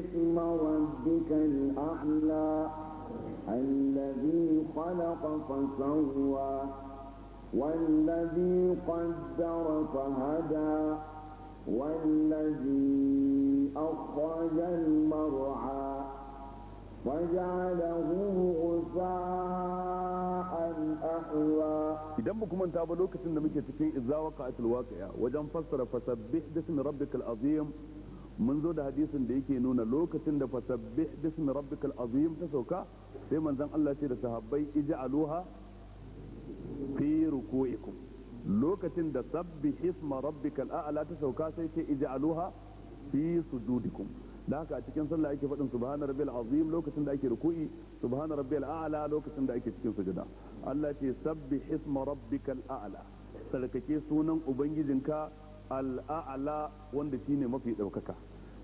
اسم ربك الأعلى الذي خلق فسوى والذي قدر فهدى والذي أخرج المرعى فجعله غثاء الأحوى إذا بكم أن تابلوك سنة مكة تكي إذا وقعت الواقعة وجن فسر فسبح باسم ربك العظيم mun zo da hadisin da yake nuna lokacin da fasabbih bismi rabbikal azim ta sauka sai manzon Allah ce da sahabbai ij'aluha fi ruku'ikum lokacin da sabbih isma rabbikal a'la ta sauka sai ce ij'aluha fi sujudikum da haka a cikin sallah ake faɗin subhana rabbil azim lokacin da ake ruku'i subhana rabbil a'la lokacin da ake cikin sujuda Allah ce sabbih isma rabbikal a'la sarkake sunan ubangijinka al'a'la wanda shine mafi ɗaukaka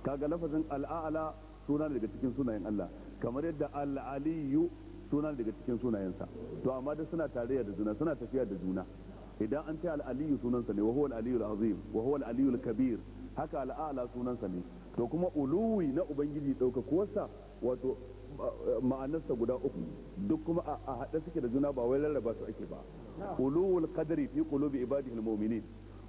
kaga lafazin al'ala suna daga cikin sunayen Allah kamar yadda al'aliyu suna daga cikin sunayensa to amma duk suna tarayya da juna suna tafiya da juna idan an ce al'aliyu sunansa ne wa huwa al'aliyu al'azim wa huwa al'aliyu kabir haka al'ala sunansa ne to kuma uluwi na ubangiji ɗaukakuwarsa wato ma'anarsa guda uku duk kuma a haɗe suke da juna ba wai rarraba su ake ba uluwul qadri fi qulubi ibadihi al-mu'minin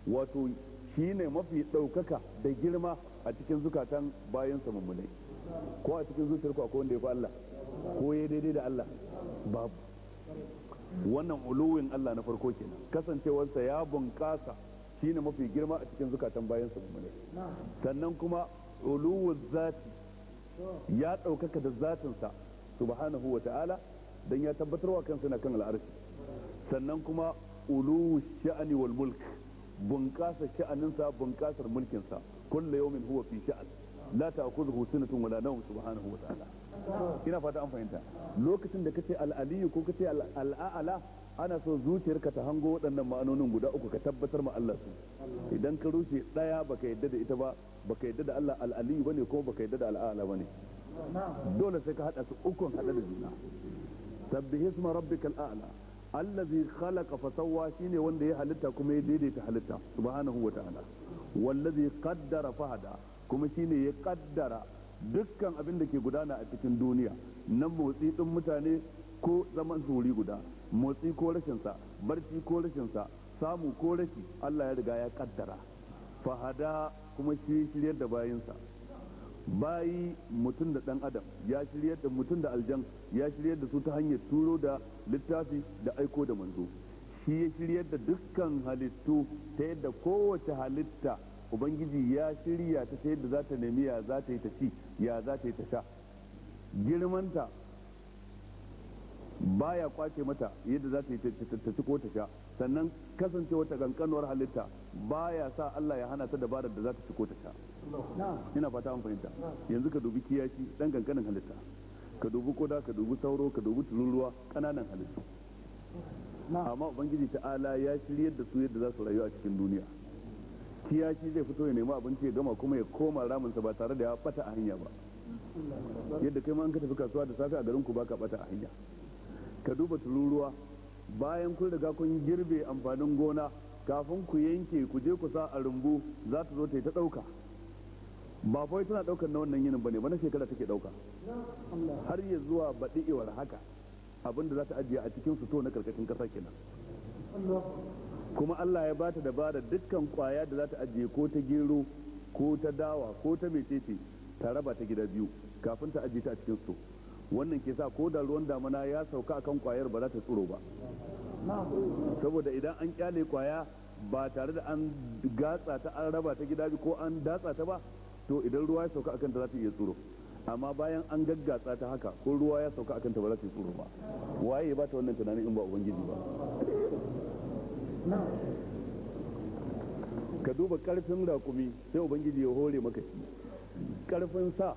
wato Shi ne mafi ɗaukaka da girma a cikin zukatan bayan mummunai ko a cikin zuciyar ku akwai wanda ya fi Allah ko ya daidai da Allah babu wannan uluwin Allah na farko kenan kasancewarsa ya bunƙasa ne mafi girma a cikin zukatan bayan mummunai sannan kuma uluwin zati ya ɗaukaka da zatinsa subhanahu wa ta'ala don ya tabbatarwa kansa na kan al'arshi sannan kuma uluwin sha'ani wal mulk bunƙasa sha'aninsa bunƙasar mulkinsa kullu yawmin huwa fi sha'an la ta'khudhuhu sinatun wala nawm subhanahu wa ta'ala ina fata an fahimta lokacin da kace al-aliyu ko kace al-a'la ana so zuciyarka ta hango waɗannan ma'anonin guda uku ka tabbatar ma Allah su idan ka rushe ɗaya baka yadda da ita ba baka yadda da Allah al-aliyu bane ko baka yadda da al-a'la bane dole sai ka haɗa su ukun hada da juna sabbihisma rabbikal a'la allazi khalaqa fa sawwa shine wanda ya halitta kuma ya daidaita halitta subhanahu wa ta'ala wallazi qaddara fa hada kuma shine ya kaddara dukkan abin da ke gudana a cikin duniya nan motsi din mutane ko zaman wuri guda motsi ko rashin sa barci ko rashin sa samu ko rashi Allah ya riga ya kaddara fahada kuma shi shiryar da bayinsa bayi mutum da dan adam ya shiryar da mutum da aljan ya shiryar da su ta hanyar turo da littafi da aiko da manzo shi ya shiryar da dukkan halittu ta yadda kowace halitta ubangiji ya shirya ta ta yadda za ta nemi ya za ta yi ta ci ya za ta yi ta sha girmanta baya kwace mata yadda za ta yi ta ci ko ta sha sannan kasancewa ta kankanuwar halitta ya sa Allah ya hana ta dabarar da za ta ciko ta sha ina fata an fahimta yanzu ka dubi kiyashi dan kankanin halitta ka dubi koda ka dubi sauro ka dubi tururuwa kananan halittu amma ubangiji ta'ala ya shiryar da su yadda za su rayu a cikin duniya kiyashi zai fito ya nemi abinci ya gama kuma ya koma ramunsa ba tare da ya bata a hanya ba yadda kai ma an ka tafi kasuwa da safe a garin ku ka bata a hanya ka duba tururuwa bayan kun riga kun girbe amfanin gona kafin ku yanke ku je ku sa a rumbu za ta zo ta yi ta ɗauka ba fa tana ɗaukar na wannan yinin bane ba na shekara take ɗauka har ya zuwa baɗi iwar haka abinda za ta ajiye a cikin suto na karkashin ƙasa kenan kuma Allah ya bata da bada dukkan kwaya da za ta ajiye ko ta gero ko ta dawa ko ta mecece ta raba ta gida biyu kafin ta ajiye ta a cikin suto wannan ke sa ko da ruwan damana ya sauka kan kwayar ba za ta tsiro ba saboda idan an kyale kwaya ba tare da an gatsa ta an raba ta gida ko an datsa ta ba to idan ruwa ya sauka akan ta za ta iya tsiro amma bayan an gaggatsa ta haka ko ruwa ya sauka akan ta ba za ta tsoro ba waye ba ta wannan tunanin in ba ubangiji ba ka duba karfin rakumi sai ubangiji ya hore maka shi karfin sa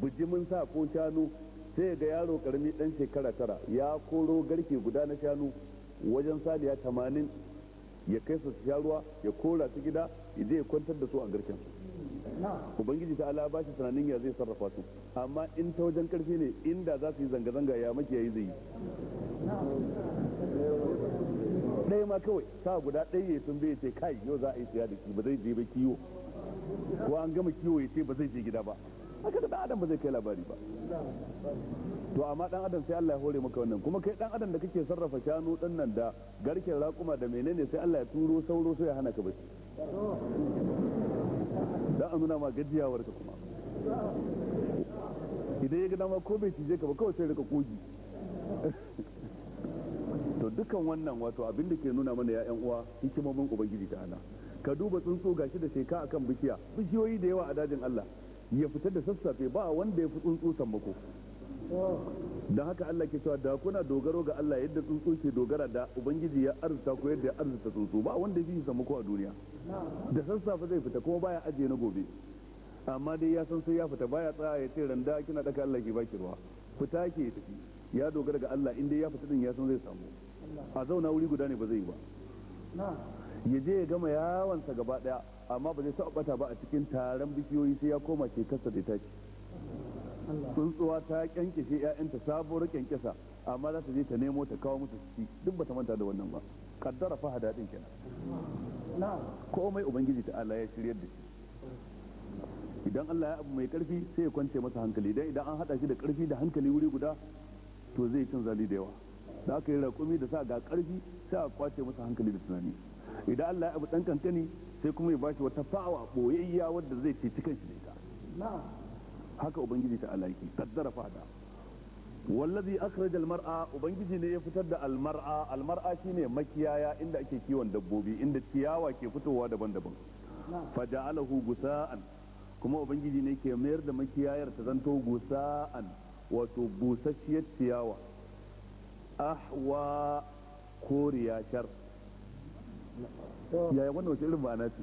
bijimin sa ko shanu sai ga yaro karami dan shekara tara ya koro garke guda na shanu wajen saniya tamanin ya kai su sha ruwa ya kora su gida ya ya kwantar da su a garken su ubangiji ta ala ba shi tunanin ya zai sarrafa su amma in ta wajen karfi ne inda za su yi zanga-zanga ya yi zai yi ɗaya ma kawai sa guda ɗaya ya sun bai ce kai yau za a yi siya da shi ba zai je ba kiwo ko an gama kiwo ya ce ba zai je gida ba haka da adam ba zai kai labari ba to amma dan adam sai Allah ya hore maka wannan kuma kai dan adam da kake sarrafa shanu din nan da garken raƙuma da menene sai Allah ya turo sauro sai ya hana ka bace dan an ma gajiyawar ka kuma idan ya ga dama ko bai cije ka ba kawai sai rika kogi to dukan wannan wato abin da ke nuna mana ya yan uwa hikimomin ubangiji ta ana ka duba tsuntsu gashi da sheka akan bishiya bishiyoyi da yawa a dajin Allah ya fitar da sassafe ba wanda ya fi tsuntsu sammako da haka Allah ke cewa da kuna dogaro ga Allah yadda tsuntsu ke dogara da ubangiji ya arzuta ko yadda ya arzuta tsuntsu ba wanda zai samu ko a duniya da sassafe zai fita kuma baya ajiye na gobe amma dai ya san sai ya fita baya tsaya ya ce randa kina daka Allah ke baki ruwa fita ke ya tafi ya dogara ga Allah inda ya fita din ya san zai samu a zauna wuri guda ne ba zai yi ba ya je ya gama yawansa gaba daya amma ba zai taɓa bata ba a cikin taron bishiyoyi sai ya koma kasa da tashi tsuntsuwa ta shi 'ya'yanta sabuwar kyankyasa amma za ta je ta nemo ta kawo musu ciki duk ba ta manta da wannan ba kaddara fa din kenan komai ubangiji ta Allah ya shirya da shi idan Allah ya abu mai karfi sai ya kwance masa hankali dan idan an hada shi da karfi da hankali wuri guda to zai cin zali da yawa da aka yi raƙumi da sa ga karfi sai a kwace masa hankali da tunani idan Allah ya abu dan kankani sai kuma ya bashi wata fawa boyayya wadda zai ceci kanshi da ita haka ubangiji ta alaki kaddara fada wallazi akhrajal mar'a ubangiji ne ya fitar da almar'a almar'a shine makiyaya inda ake kiwon dabbobi inda ciyawa ke fitowa daban-daban faja'alahu gusa'an kuma ubangiji ne ke mayar da makiyayar ta zanto gusa'an wato busasshiyar ciyawa ahwa koriya shar yaya wannan wace irin ma'ana ce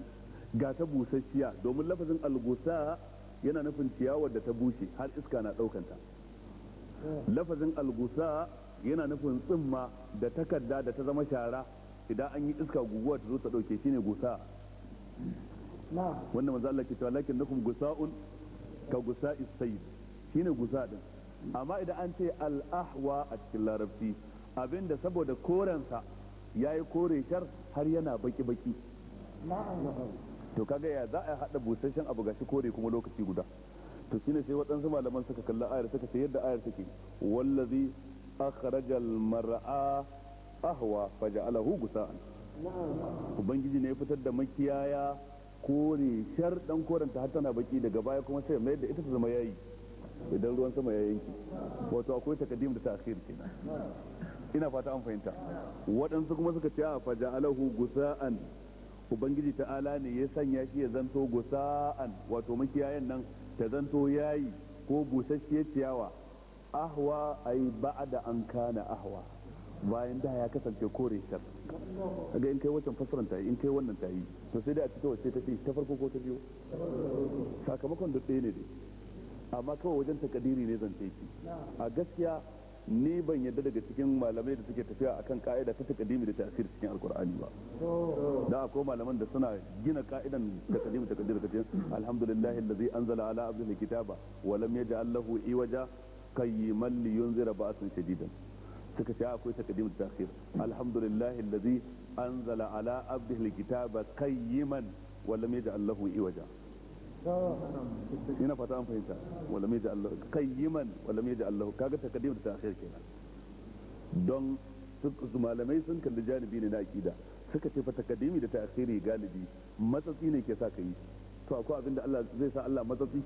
ga ta busasshiya domin lafazin algusa yana nufin ciyawar da ta bushe har iska na ɗaukanta lafazin algusa yana nufin tsimma da takarda da ta zama shara idan an yi iska guguwa ta zo ta dauke shine gusa wannan manzo Allah ke cewa lakin nakum gusa'un ka gusa isai shine gusa din amma idan an ce al'ahwa a cikin larabci abinda saboda korensa ya yi kore shar har yana baki-baki to kaga ya za a haɗa busasshen abu gashi kore kuma lokaci guda to shine sai waɗansu malaman suka kalla ayar suka ce yadda ayar take wallazi akhrajal mar'a ahwa faja'alahu gusa'an ubangiji ne ya fitar da makiyaya kore shar dan ta har tana baki daga baya kuma sai mai da ita ta zama yayi idan ruwan sama ya yanki wato akwai takadim da ta'khir kenan ina fata an fahimta waɗansu kuma suka ce a faja alahu gusa'an ubangiji ta'ala ne ya sanya shi ya zanto gusa'an wato makiyayan nan ta zanto yayi ko busasshiyar ciyawa ahwa ai ba'da an kana ahwa bayan da ya kasance kore shar kaga in kai wancan fasaran ta yi in kai wannan ta yi to sai da a cikin wace ta ce ta farko ko ta biyu sakamakon da ɗaya ne dai amma kawai wajen takadiri ne zan ce a gaskiya ni ban yadda daga cikin malamai da suke tafiya akan ka'ida ta takadimi da tasiri cikin alkur'ani ba da akwai malaman da suna gina ka'idan da takadimi takadimi takadimi alhamdulillahi allazi anzala ala abdihi kitaba wa lam yaj'al lahu iwaja qayyiman liyunzira ba'san shadidan suka ce akwai takadimi da tasiri alhamdulillahi allazi anzala ala abdihi kitaba qayyiman wa lam yaj'al lahu iwaja ina fata an fahimta wala mai Allah man wala mai Allah kaga takaddim da ta'khir kenan don su malamai sun kalli janibi ne na akida suka ce fa takaddimi da ta'khiri galibi matsatsi ne ke sa ka yi to akwai abin da Allah zai sa Allah matsatsi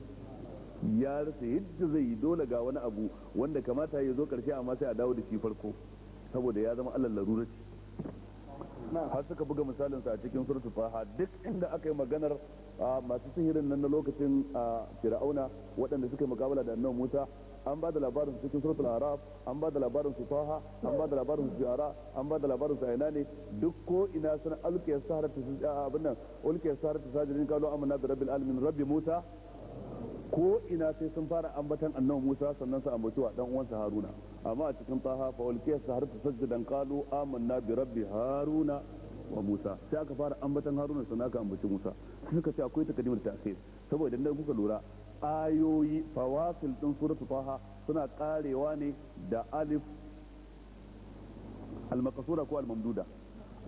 ya rasa yadda zai yi dole ga wani abu wanda kamata ya zo karshe amma sai a dawo da shi farko saboda ya zama Allah larura har suka buga misalin sa a cikin suratul faha duk inda aka yi maganar masu sihirin nan na lokacin fir'auna waɗanda suka yi mukabala da annabi Musa an ba da labarin su cikin suratul araf an ba da labarin su faha an ba da labarin su jara an ba da labarin su aina ne duk ko ina sun alƙiya saharata abin nan ulqiya saharata sajidin kalu amanna bi rabbil alamin rabbi musa ko ina sai sun fara ambatan annabi musa sannan su ambaci wa dan uwansa haruna amma a cikin taha fa walqiya saharatu sajdan qalu amanna bi rabbi haruna wa musa sai aka fara ambatan haruna sannan aka ambaci musa suka ce akwai takadimul ta'khir saboda idan kuka lura ayoyi fawasil din suratu taha suna karewa ne da alif almakasura ko al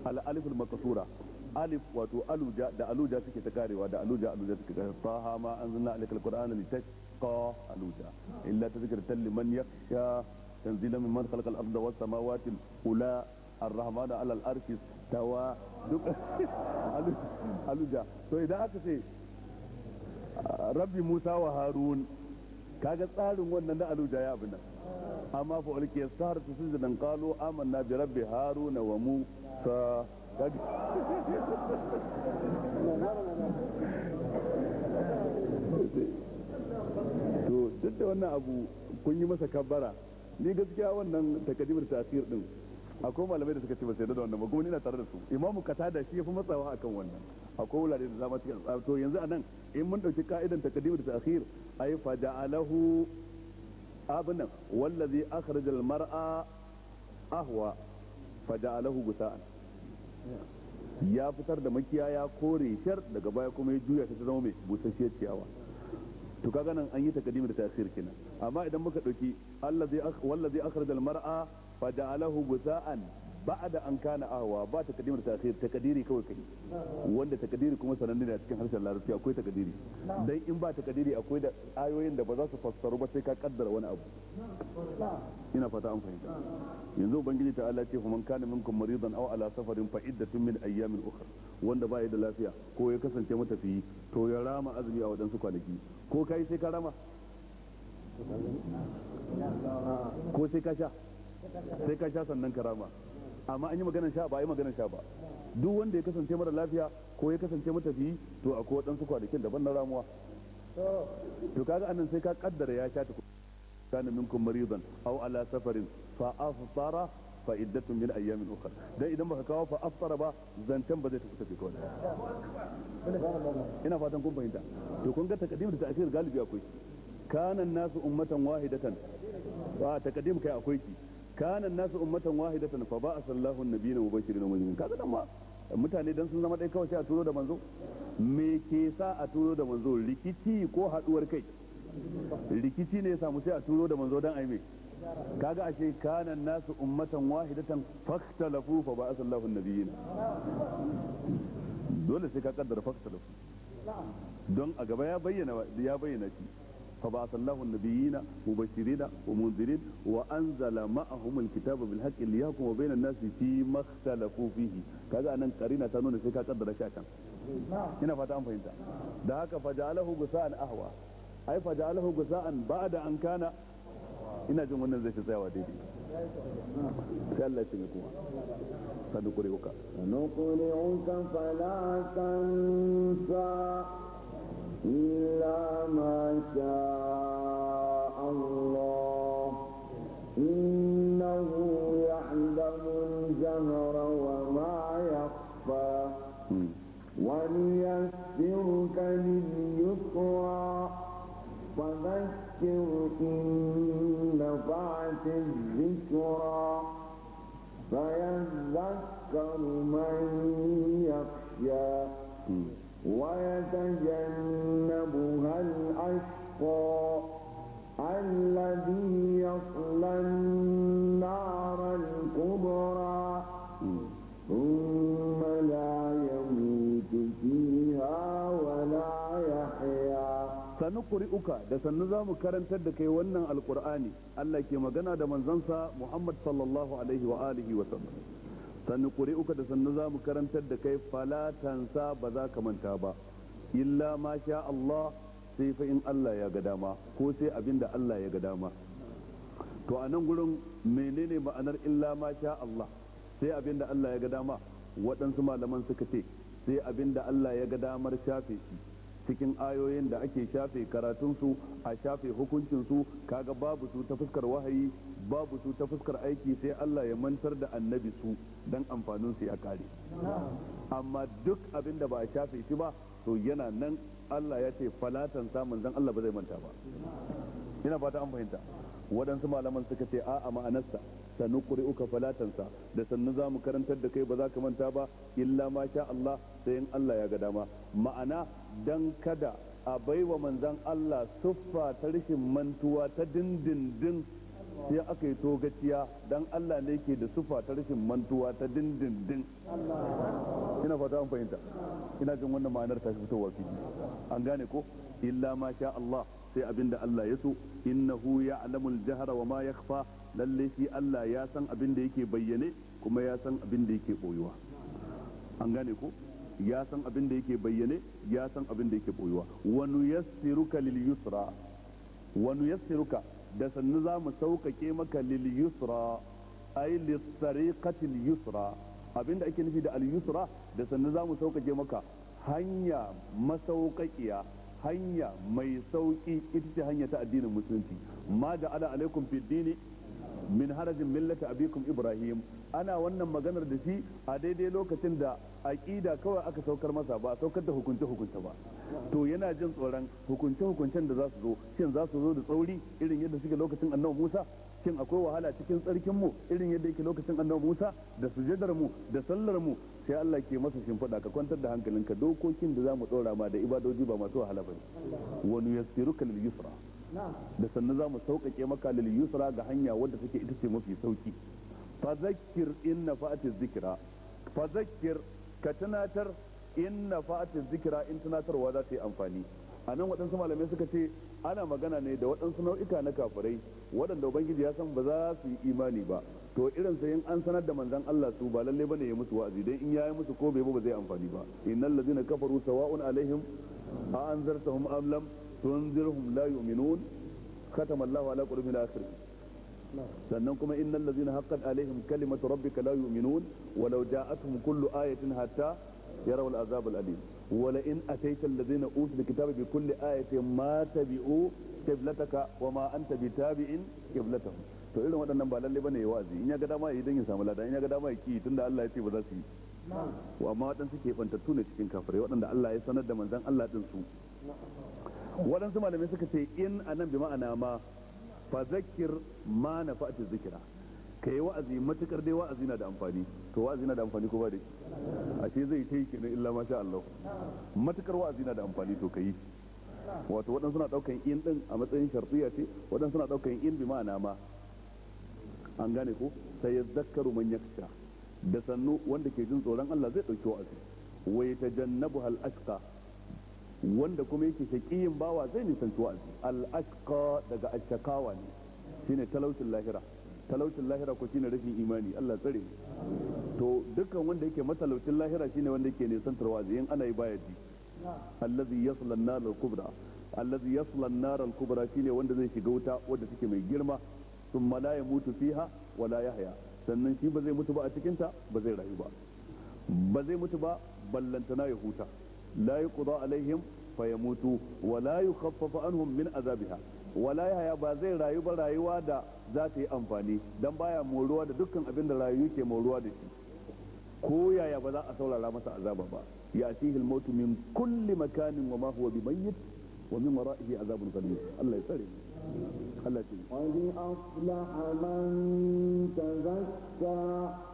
al-alif almakasura alif wato aluja da aluja suke ta karewa da aluja aluja suke karewa taha ma anzalna alikal qur'ana litashqa aluja illa tadhkiratan liman yakhsha تنزيلا mimman khalaqal arda was samawati ula ar-rahmanu ala al-arsh tawa duk aluja to idan aka ce rabbi musa wa kaga tsarin wannan da aluja ya abin amma fa ulkiya sahar su qalu amanna bi rabbi harun wa musa to duk da wannan abu kun yi masa kabbara ni gaskiya wannan takadimar tasir din akwai malamai da suka ce ba sai da wannan ba kuma ina tare da su imamu da shi ya fi matsawa akan wannan akwai wulare da zama cikin to yanzu a nan in mun dauki ka'idan takadimar tasir ai fa ja'alahu abin wallazi akhrajal mar'a ahwa fa ja'alahu gusa'an ya fitar da makiya ya kore shar daga baya kuma ya juya ta zama mai busasshiyar ciyawa to kaga nan an yi takadimar tasir kenan amma idan muka ɗauki wallazi akhrajal mar'a fa ja'alahu gusa'an ba'da an kana ahwa ba takdim da ta'khir takdiri kawai kai wanda takdiri kuma sananne ne a cikin harshen larabci akwai takdiri dan in ba takdiri akwai da ayoyin da ba za su fassaru ba sai ka kaddara wani abu ina fata an fahimta yanzu ubangiji ta Allah ce fa man kana minkum maridan aw ala safarin fa iddatun min ayyamin ukhra wanda ba ya da lafiya ko ya kasance matafiyi to ya rama azumi a wadansu kwanaki ko kai sai ka rama ko sai ka sha sai ka sha sannan karama amma an yi maganar sha ba a yi maganar sha ba duk wanda ya kasance mara lafiya ko ya kasance matafiyi to akwai waɗansu kwanakin daban na ramuwa to kaga annan sai ka kaddara ya sha ta kana minkum maridan aw ala safarin fa afṭara fa iddatun min ayyamin ukhra dan idan baka kawo fa afṭara ba zantan ba zai tafi tafi kawai ina fatan kun fahimta to kun ga takaddim da ta'khir galibi akwai kanan nasu ummatan wahidatan ba takadim kai akwai ki kanan nasu ummatan wahidatan fa ba asallahu annabiyina mubashirin wa munzirin kaga dan ma mutane dan sun zama dai kawai sai a turo da manzo me ke sa a turo da manzo rikici ko haduwar kai rikici ne ya samu sai a turo da manzo dan aime kaga ashe kanan nasu ummatan wahidatan faktalafu fa ba asallahu annabiyina dole sai ka kaddara faktalafu don a gaba ya bayyana ya bayyana shi فبعث الله النبيين مبشرين ومنذرين وانزل معهم الكتاب بالحق ليحكم بين الناس فيما اختلفوا فيه kaga anan karina ta nuna sai ka kaddara shi akan ina fata an fahimta da haka fajalahu gusa'an ahwa ai fajalahu gusa'an ba'da an kana ina jin wannan zai a daidai sai Allah kuma إلا ما شاء الله إنه يعلم الجهر وما يخفى وليسرك لليسرى فذكر إن نفعت الذكرى فيذكر من يخشى ويتجنبها الأشقى الذي يصلى النار الكبرى ثم لا يموت فيها ولا يحيا سنقرئك da sannu za mu karantar da kai wannan alkur'ani Allah ke magana da manzansa Muhammad sallallahu sannu ƙuri uka da sannu za mu karantar da kai falatansa ba za ka manta ba illa ma sha Allah sai fa in Allah ya ga dama ko sai abin da Allah ya ga dama to a nan gurin menene ma'anar illa ma sha Allah sai abin da Allah ya ga dama waɗansu malaman suka ce sai abin da Allah ya ga damar shafe cikin ayoyin da ake shafe karatunsu a shafe hukuncinsu kaga babu su ta fuskar wahayi babu su ta fuskar aiki sai Allah ya mantar da annabi su don amfanin su ya kare amma duk abin da ba a shafe shi ba to yana nan Allah ya ce falatan samun zan Allah ba zai manta ba yana fata an fahimta waɗansu malaman suka ce a'a ma'anarsa sannu ka falatansa da sannu za mu karantar da kai ba za ka manta ba illa ma sha Allah sai in Allah ya ga dama ma'ana don kada a baiwa manzan Allah suffa ta rashin mantuwa ta dindindin sai aka yi togaciya don Allah ne ke da suffa ta rashin mantuwa ta dindindin ina fata an fahimta ina jin wannan ma'anar ta fitowa fili an gane ko illa ma sha Allah sai abin da Allah ya so innahu alamun jahra wa ma kafa lalle shi Allah ya san abin da yake bayyane kuma ya san abin da yake boyuwa an gane ko ya san abin da yake bayyane ya san abin da yake boyuwa wa nuyassiruka lil yusra wa nuyassiruka da sannu za mu sauƙaƙe maka lil yusra ay lis tariqatil yusra abin da ake nufi da al yusra da sannu za mu sauƙaƙe maka hanya masauƙaƙiya hanya mai sauƙi ita ce hanya ta addinin musulunci ma da ala alaikum fi dini min harajin millata abikum ibrahim ana wannan maganar da shi a daidai lokacin da aqida kawai aka saukar masa ba saukar da hukunce hukunce ba to yana jin tsoron hukunce hukuncen da za su zo shin za su zo da tsauri irin yadda suke lokacin annabi Musa shin akwai wahala cikin tsarkin mu irin yadda yake lokacin annabi Musa da sujadar mu da sallar mu sai Allah ke masa shimfiɗa ka kwantar da hankalinka dokokin da zamu ɗora ma da ibadoji ba masu wahala bane wani yasiruka lil yusra da sannan za mu sauƙaƙe maka lil ga hanya wadda take ita ce mafi sauƙi fazakir in fa'ati zikira fazakir ka tunatar in fa'ati zikira in tunatarwa za ta yi amfani a nan waɗansu malamai suka ce ana magana ne da waɗansu nau'ika na kafirai waɗanda ubangiji ya san ba za su yi imani ba to irin sai in an sanar da manzan Allah su ba lalle bane ya musu wa'azi dan in ya yi musu ko bai ba zai amfani ba innal ladzina kafaru sawa'un alaihim a anzartahum am lam tunzirhum la yu'minun khatama Allahu ala qulubihim akhir sannan kuma innal ladzina haqqat alaihim kalimatu rabbika la yu'minun walau ja'atuhum kullu ayatin hatta yaraw al'azab al'alim wala in ataita alladhina utul kitaba bi kulli ayatin ma tabi'u qiblataka wa ma anta bitabi'in qiblatahum to irin waɗannan ba lalle bane wa'azi in ya ga dama yi ya samu lada in ya ga dama ya ki tunda Allah ya ce ba za su yi amma waɗansu ke bantattu ne cikin kafirai waɗanda Allah ya sanar da manzon Allah din su waɗansu malamai suka ce in anan bi ma'ana ma fa zakir ma na fa'ati zikira ka yi wa'azi matukar dai wa'azi na da amfani to wa'azi na da amfani ko ba da shi ashe zai ta yi kenan illa ma sha Allah matukar wa'azi na da amfani to ka yi wato waɗansu na ɗaukan in ɗin a matsayin shartiya ce waɗansu na ɗaukan in bi ma'ana ma an gane ko sai ya zakaru man yaksha da sannu wanda ke jin tsoron Allah zai ɗauki wa'azi wai ta jannabu hal ashqa wanda kuma yake shaƙiyin bawa zai nisanci wa'azi al'ashqa daga ashakawa ne shine talaucin lahira talaucin lahira ko shine rashin imani Allah tsare to dukkan wanda yake matalaucin lahira shine wanda yake nisantar wa'azi in ana yi baya ji allazi yasla an-nar al-kubra allazi yasla an-nar al-kubra shine wanda zai shiga wuta wadda take mai girma thumma la mutu fiha wa la yahya sannan shi ba zai mutu ba a cikin ta ba zai rayu ba ba zai mutu ba ballantana ya huta la yuqda alaihim fayamutu walayu la yukhaffafu anhum min azabiha wala yahya ba zai rayu ba rayuwa da za ta yi amfani dan baya moruwa da dukkan abinda da ke moruwa da shi ko yaya ba za a saurara masa azaba ba ya al-maut min kulli makanin wa ma huwa bimayyit wa min wara'ihi azabun qadim Allah ya tsare Allah ya tsare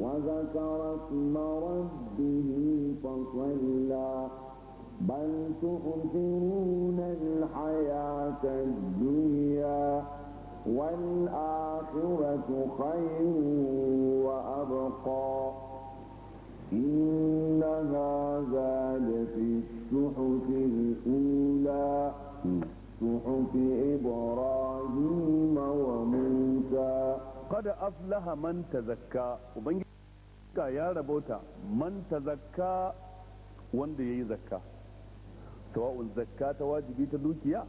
وذكر اسم ربه فصلى بل تؤثرون الحياة الدنيا والآخرة خير وأبقى إن هذا لفي الصحف الأولى صحف إبراهيم kada aflaha man tazakka ubangiji ya rabota man zakka wanda yayi zakka sawa'un zakka ta wajibi ta dukiya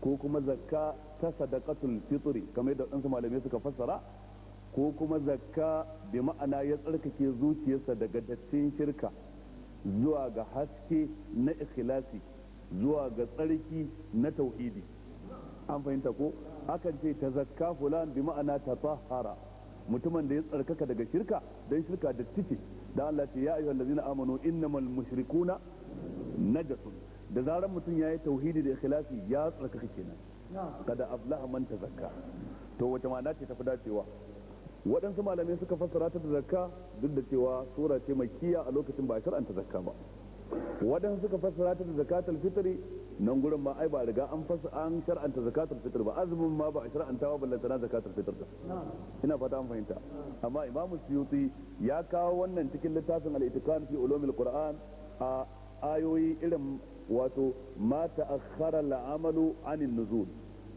ko kuma zakka ta sadaqatul fitri kamar da wadansu malamai suka fassara ko kuma zakka bi ma'ana ya tsarkake zuciyarsa daga dattin shirka zuwa ga haske na ikhlasi zuwa ga tsarki na tauhidi an fahimta ko akan ce ta zakka fulan bi ma'ana ta tahara mutumin da ya tsarkaka daga shirka don shirka da titi da Allah ce ya ayyuhal ladina amanu innamal mushrikuna najasun da zaran mutum yayi tauhidi da ikhlasi ya tsarkaka kenan kada ablaha man ta zakka to wata ma'ana ce tafi dacewa waɗansu malamai suka fassara ta zakka duk da cewa sura ce mai kiya a lokacin ba a shar'anta zakka ba waɗansu suka fassara ta da zakatul fitri nan gurin ma ai ba riga an fasa an shar'anta zakatul fitr ba azumin ma ba a shar'anta ba ballanta na zakatul fitr da ina fata an fahimta amma imamu suyuti ya kawo wannan cikin littafin al-itikan fi ulumil qur'an a ayoyi irin wato ma ta'akhkhara al-amalu anin nuzul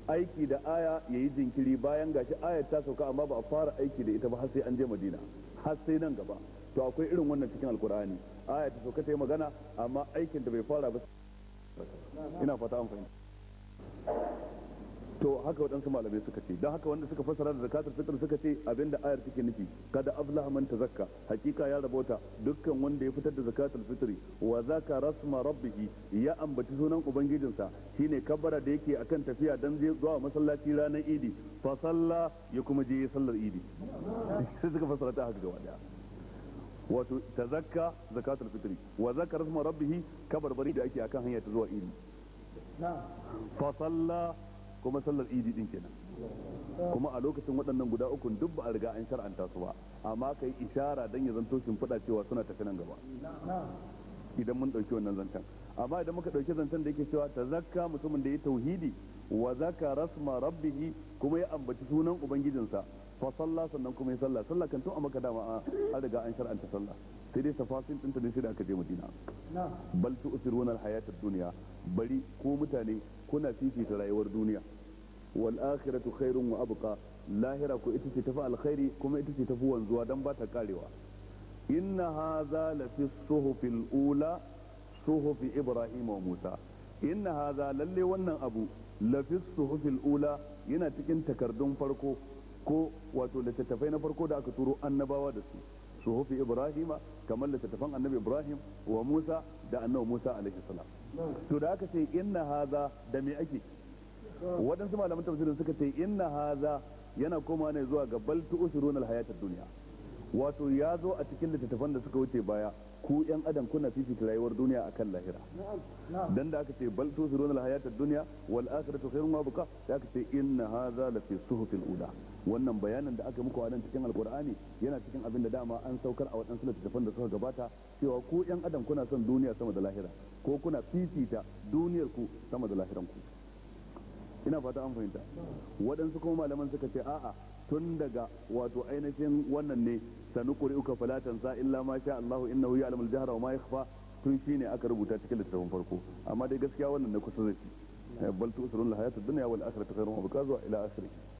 aiki da aya yayi jinkiri bayan gashi ayar ta sauka amma ba a fara aiki da ita ba har sai an je madina har sai nan gaba to akwai irin wannan cikin alkur'ani aya ta sauka ta yi magana amma aikin da bai fara ba ina fata an fahimta to haka waɗansu malamai suka ce don haka wanda suka fassara da zakatar fitr suka ce abinda ayar take nufi kada ablaha man tazakka hakika ya rabota dukkan wanda ya fitar da zakatar fitar wa zaka rasma rabbihi ya ambaci sunan ubangijinsa shine kabara da yake akan tafiya dan zai zuwa masallaci ranar idi fa ya kuma je sallar idi sai suka fassara ta haka gaba daya wato tazakka zakatul fitri wa zakara rabbihi kabar kabarbari da ake akan hanya ta zuwa idi fa salla kuma sallar idi din kenan kuma a lokacin waɗannan guda uku duk ba a riga an shar'anta su ba amma kai ishara dan ya zanto shin fada cewa suna tafi nan gaba idan mun ɗauki wannan zantan amma idan muka dauki zantan da yake cewa tazakka mutumin da ya tauhidi wa zakar isma rabbihi kuma ya ambaci sunan ubangijinsa fa sallah sannan kuma yi sallah sallah kan tun a maka dama an riga an shar'anta sallah sai dai tafasil ɗinta ne sai da aka je madina bal tu'thiruna al-hayata duniya dunya bari ko mutane kuna fifita rayuwar duniya wal akhiratu khairun wa abuka lahira ko ita ce tafi alkhairi kuma ita ce tafi wanzuwa don ba ta karewa inna hadha la fi suhufil ula suhufi ibrahim wa musa inna hadha lalle wannan abu la fi suhufil ula yana cikin takardun farko ko wato littattafai na farko da aka turo annabawa da su Hufi ibrahima kamar littattafan annabi ibrahim wa musa da annabi musa alaihi salam to da aka ce inna haza da me ake waɗansu malaman tafsirin suka ce inna haza yana koma ne zuwa ga bal tu'siruna al-hayatad duniya wato ya zo a cikin littattafan da suka wuce baya ku yan adam kuna fifita rayuwar duniya akan lahira dan da aka ce bal tusirun al hayatad duniya wal akhiratu khairun wa buqa da aka ce inna hadha la fi suhufil ula wannan bayanan da aka muku a nan cikin alqur'ani yana cikin abin da dama an saukar a wadansu littattafan da suka gabata cewa ku yan adam kuna son duniya sama da lahira ko kuna fifita duniyar ku sama da lahiran ku ina fata an fahimta waɗansu kuma malaman suka ce a'a tun daga wato ainihin wannan ne sanukuri uka falatan sa illa ma sha Allahu innahu ya'lamul jahra wa ma yakhfa tun shine aka rubuta cikin littafin farko amma dai gaskiya wannan na kusa da shi eh, bal tusrun lahayatu dunya wal akhiratu khairun wa zuwa ila akhirih